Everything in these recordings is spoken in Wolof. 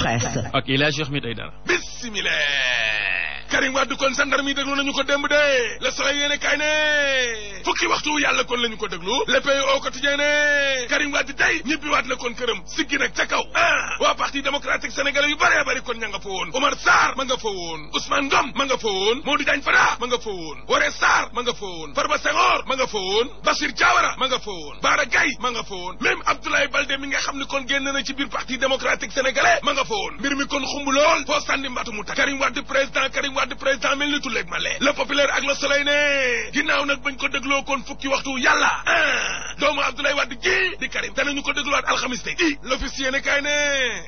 presse. ok El Hadji Ahmed Aïdara. Bismillah. Karim Wade kon gendarmerie déglu nañu ko démb de Le Soleil yéene ne fukki waxtu yàlla kon la ko déglu Le Pays au quotidien ne Karim Wade day ñibbiwaat la kon këram siggi nag ca kaw ah! waa parti démocratique sénégalais yu bëree bëri kon ña fa woon Omar Sarr ma nga fa woon Ousmane Ngom ma nga fa woon Modou Diagne Fada fa woon ma nga fa woon Farba Senghor ma nga fa woon Bassir Diawara ma nga fa woon Bara Gaye ma nga fa woon même Abdoulaye ma nga fa woon mbir mi Wade président mel ni tulleeg ma lee le populaire ak le soleil ne nag bañ ko dégloo koon fukki waxtu yàlla ah doomu Abdoulaye Wade gi di Karim danañu ko dégluwaat alxamis tey i l'office yéene kaay ne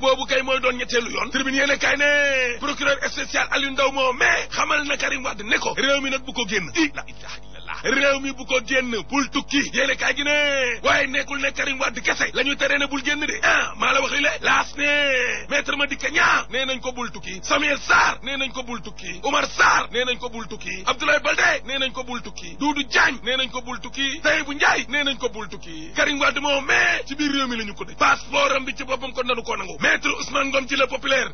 boobu kay mooy doon ñetteelu yoon tribune yéene kaay ne procureur spécial Aliou Ndao moo xamal na Karim Wade ne ko mi nag bu ko génn réew mi bu ko génn bul tukki yéene kaay gi ne waaye nekkul ne Karim Wade kese la ñu tere ne bul génn de ah maa la wax li le laas ne maître Madické Niang nee nañ ko bul tukki Samuel Sarr nee nañ ko bul tukki Oumar Sarr nee nañ ko bul tukki Abdoulaye Baldé nee nañ ko bul tukki Doudou Diagne nee nañ ko bul tukki Seydou Ndiaye nee nañ ko bul tukki Karim moom mais ci biir réew mi la ko def passeport am ci boppam kon nanu ko nangu maître Ousmane Ngom ci le populaire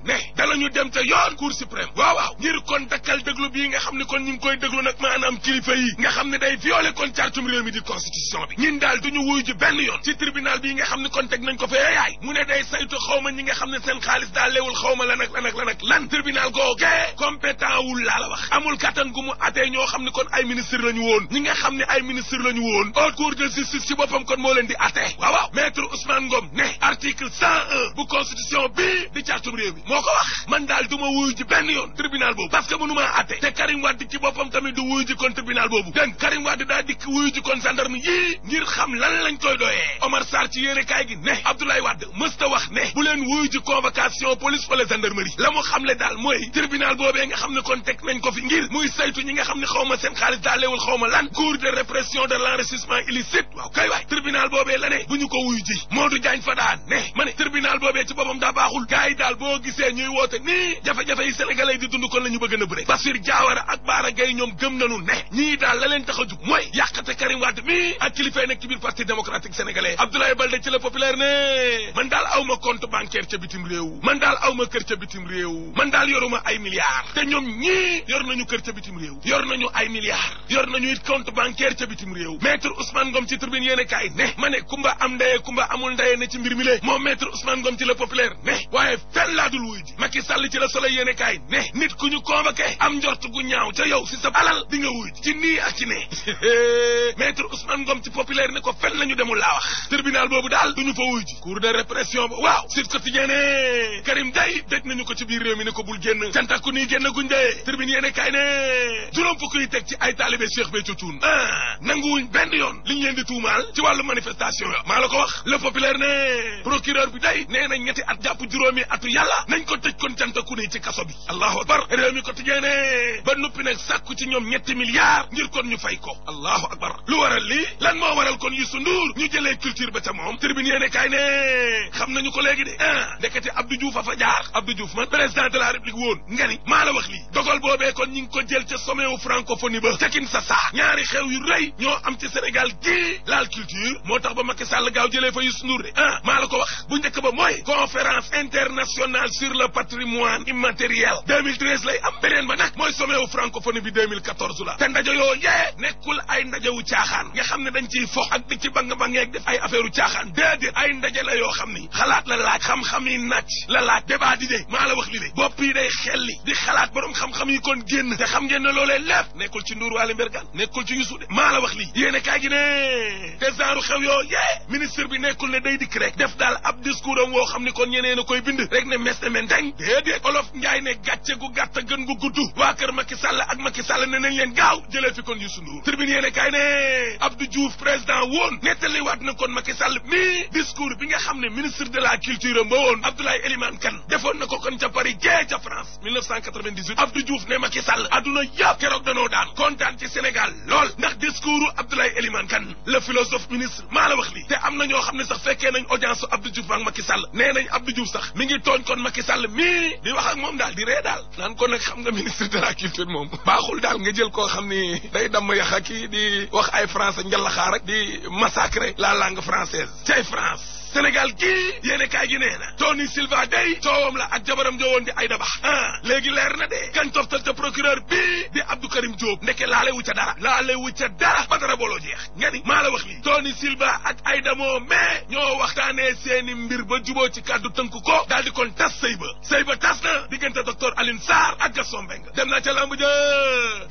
nga xam ne kon ñu koy déglu nag maanaam kilifa yi nga xam ne day violé kon cartum réew mi di constitution bi ñun daal duñu wuyu ji benn yoon ci tribunal bi nga xam ne kon teg nañ ko fa yaay mu ne day saytu xawma ñi nga xam ne seen xaalis daal leewul xawma lan ak lan ak lan ak lan tribunal googee compétent wul laa la wax amul kattan gu mu atee ñoo xam ne kon ay ministre lañu woon ñi nga xam ne ay ministre lañu woon haute cour de justice ci boppam kon moo leen di atee waaw waaw maître Ousmane Ngom ne article bu di cartum réew mi moo ko wax man daal du ma wuyu ji benn yoon tribunal boobu parce que mënu maa Karim Wade daa dikk wuyu ji kon gendarme yii ngir xam lan lañ koy doyee Omar Sarr ci yéene kaay gi ne Abdoulaye Wade mësta wax ne bu leen wuyu ji convocation police wala gendarmerie la mu xamle daal mooy tribunal boobee nga xam ne kon teg nañ ko fi ngir muy saytu ñi nga xam ne xaw ma seen xaalis daaleewul xaw ma lan cour de répression de l'enrichissement illicite waaw kay waay tribunal boobee la ne bu ñu ko wuyu ji Modou Diagne fa daan ne ma ne tax a jug mooy yàqate Karim Wade mi ak kilifa yi nekk ci biir parti démocratique sénégalais Abdoulaye Baldé ci la populaire ne man daal aw ma compte bancaire ca bitim réew man daal aw ma kër ca bitim réew man daal yoruma ay milliards te ñoom ñii yor nañu kër ca bitim réew yor nañu ay milliards yor nañu it compte bancaire ca bitim réew maître Ousmane Ngom ci tribune yéene kaay ne ma kumba am ndeye kumba amul ndeye ne ci mbir mi le moom maître Ousmane ci la populaire ne waaye fenn maître Ousmane Ngom ci populaire ne ko fen lañu demul laa wax tribunal boobu daal duñu fa wuy ji cour de répression ba waaw Sud Quotidien ne Karim day daj nañu ko ci biir réew mi ne ko bul génn cantakku nii génn guñ dee tribune yéene kaay ne juróom fukk yi teg ci ay taalibe Cheikh Béthio Thioune ah nanguwuñ benn yoon liñ leen di tuumaal ci wàllu manifestation yo maa la ko wax le populaire ne procureur bi day nee na ñetti at jàpp juróomi atu yàlla nañ ko tëj kon cantakku nii ci kaso bi allahu akbar réew mi Quotidien ne ba noppi nag sàkku fay ko allahu akbar lu waral lii lan moo waral kon Youssou Ndour ñu jëlee culture ba ca moom tribune yéene kaay ne xam nañu ko léegi de ah ndekete a fa jaar Abdou Diouf man président de la république woon nga ni maa la wax lii dogal boobee kon ñi ngi ko jël ca sommet wu francophonie ba ca Kinshasa ñaari xew yu rëy ñoo am ci Sénégal gii laal culture moo tax ba Macky Sall gaaw jëlee fa Youssou Ndour de ah maa ko wax bu njëkk ba mooy conférence internationale sur le patrimoine immatériel 2013 lay am beneen ba nag mooy sommet nekkul ay ndajewu caaxaan nga xam ne dañ ciy fox ak di ci bang-bangeeg def ay affaire u caaxaan déedéet ay ndaje la yoo xam ni xalaat la laaj xam-xam yi nàcc la laaj débat di de maa la wax li de bopp yi day xelli di xalaat borom xam-xam yi kon génn te xam ngeen ne loole lépp nekkul ci nduur waale mbergan nekkul ci yusu de maa la wax lii yéene kaay gi ne te genre xew yoo yee ministre bi nekkul ne day dikk rek def daal ab discours am woo xam ni kon ñeneen a koy bind rek ne meste menteng déedéet olof njaay ne gàcce gu gàtt gën gu gudd waa kër Macky Sall ak Macky Sall ne nañ leen gaaw jëlee fi kon yusu Youssou Ndour tribune yéene kaay ne Abdou président woon nettali waat na kon Macky Sall mii discours bi nga xam ne ministre de la culture mba woon Abdoulaye Elimane Kane defoon na ko kon ca Paris jee ca France 1998 Abdou Diouf ne Macky Sall adduna yëpp keroog danoo daan kontaan ci Sénégal lool ndax discours Abdoulaye Elimane Kane le philosophe ministre maa la wax li te am na ñoo xam ne sax fekkee nañ audience Abdou Diouf ak nañ Abdou sax mi ngi tooñ kon Macky mii di wax ak moom daal di ree daal naan kon nag xam nga ministre de la culture moom baaxul daal nga jël ni làmb yaxa kii di wax ay français njalaxaar ak di massacrer la langue française cay France Sénégal kii yéene kaay gi nee na Tony Silva day coowam la ak jabaram joowoon di Aïda Ba ah léegi leer na de kañ toftal ca procureur bii di Abdou Karim Diop ndeke laale wu ca dara laale wu ca dara ba dara booloo jeex nga maa la wax lii Tony Silva ak Aïda moo mais ñoo waxtaanee seeni mbir ba juboo ci kàddu tënk ko daal di kon tas sëy ba sëy ba tas na diggante docteur Alioune Sarr ak Gaston Mbengue dem na ca lamb ja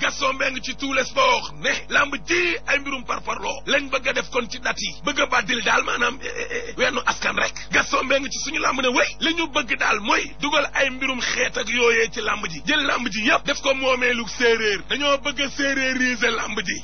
Gaston Mbengue ci tous les sports ne lamb ji ay mbirum parparloo lañ bëgg a def kon ci dat yi bëgg a baddil maanaam eh, eh, eh, bakkanu askan rek Gaston Mbengue ci suñu làmb ne way li ñu bëgg daal mooy dugal ay mbirum xeet ak yooyee ci làmb ji jël làmb ji yëpp def ko moomeelu séeréer dañoo bëgg a séeréeriser làmb ji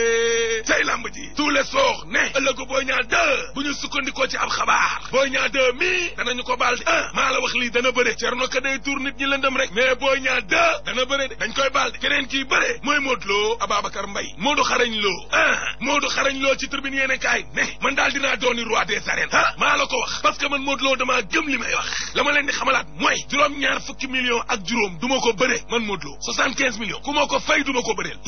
tey lamb ji tuule soox ne ëllëgu booy ñaa deux bu ñu sukkandikoo ci ab xabaar booy ñaa deux mii danañu ko bal de un maa la wax lii dana bëre cerno ka day tuur nit ñi lëndëm rek mais booy ñaa deux dana bëre de dañ koy baal de keneen kii bëre mooy Modou a Ababacar mbay Modou xarañ loo un Modou xarañ loo ci tribune yéene leen ah maa la ko wax parce que man Modou Lo damaa gëm li may wax la leen di xamalaat moy juróom ñaar fukki millions ak juróom du ma ko bëree man Modou Lo soixante-quinze millions ku ma ko fay du ma ko bëreel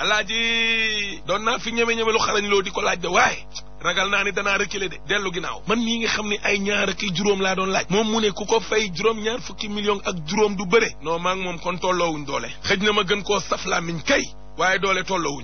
alaaji doon naa fi ñeme-ñeme lu xarañ loo di ko laaj de waaye ragal naa ni danaa reculer de dellu ginnaaw man nii nga xam ne ay ñaar ak juróom laa doon laaj moom mu ne ku ko fay juróom ñaar fukki million ak juróom du bëre non maa moom kon tolloowuñ doole xëj na ma gën koo saf laa miñ kay waaye doole tolloowuñ